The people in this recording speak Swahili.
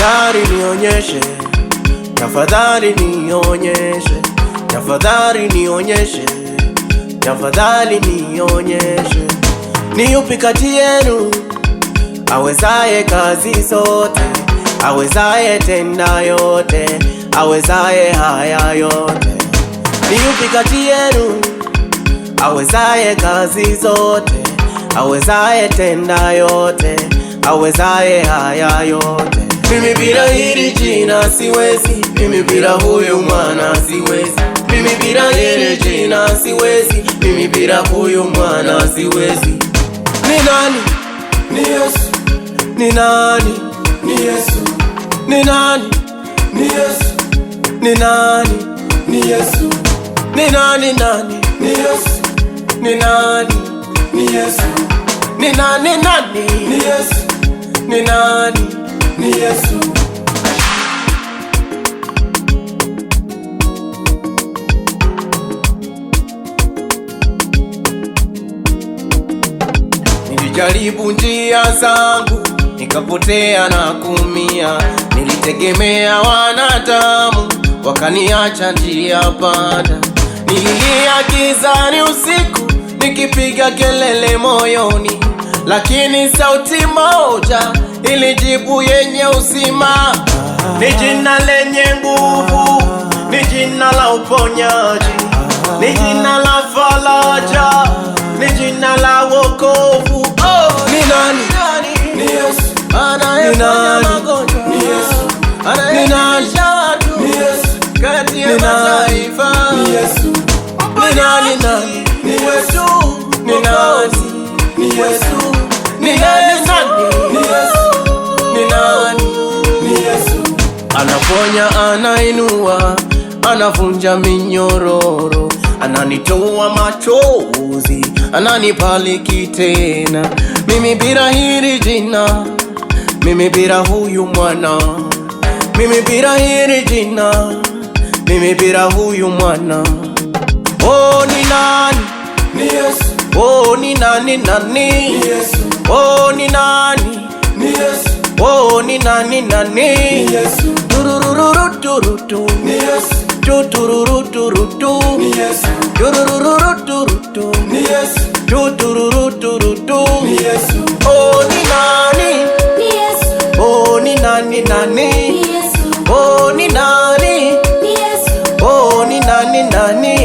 Tafadhali nionyeshe, tafadhali nionyeshe, tafadhali nionyeshe, tafadhali nionyeshe, ni yupi kati yenu awezaye kazi zote, awezaye tenda yote, awezaye haya yote? Ni yupi kati yenu awezaye kazi zote, awezaye tenda yote, awezaye haya yote? Mimi bila hili jina siwezi, mimi bila huyu mwana siwezi, mimi bila hili jina siwezi, mimi bila huyu mwana siwezi. Ni nani? Ni Yesu. Ni nani? Ni Yesu. Ni nani? Ni Yesu. Ni nani? Ni Yesu. Ni nani nani? Ni Yesu. Ni nani? Ni Yesu. Ni nani nani? Ni Yesu. Ni nani? Yesu. Nilijaribu njia zangu nikapotea na kumia, nilitegemea wanadamu wakaniacha njia panda. Nililia gizani usiku nikipiga kelele moyoni lakini sauti moja ilijibu yenye uzima. Ni jina lenye nguvu, ni jina la uponyaji, ni jina la faraja, ni jina la wokovu. Oh, ni nani? Ni Yesu magonjwa, ni kati ya Ni Yesu, ni nani? Ni Yesu, ni nani? Ni Yesu anaponya, anainua, anavunja minyororo, ananitoa machozi, ananibariki tena. Mimi bila hili jina, mimi bila huyu mwana, mimi bila hili jina, mimi bila huyu mwana. Oh, ni nani? Ni Yesu. Oh, ni nani nani? Ni Yesu. Oh, ni nani? Ni Yesu. Oh, ni nani nani? Ni Yesu tururuturutu tutururuturutu turururuturutu tutururuturutu oh ni nani oh ni nani nani oh ni nani oh ni nani nani